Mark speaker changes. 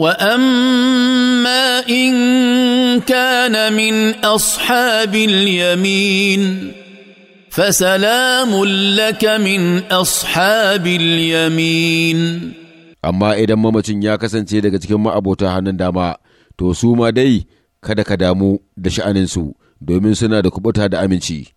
Speaker 1: واما ان كان من اصحاب اليمين فسلام لك من اصحاب اليمين
Speaker 2: amma idan mamacin ya kasance daga cikin ma'abota hannun dama to su ma dai kada ka damu da sha'aninsu
Speaker 3: domin suna da kubuta da aminci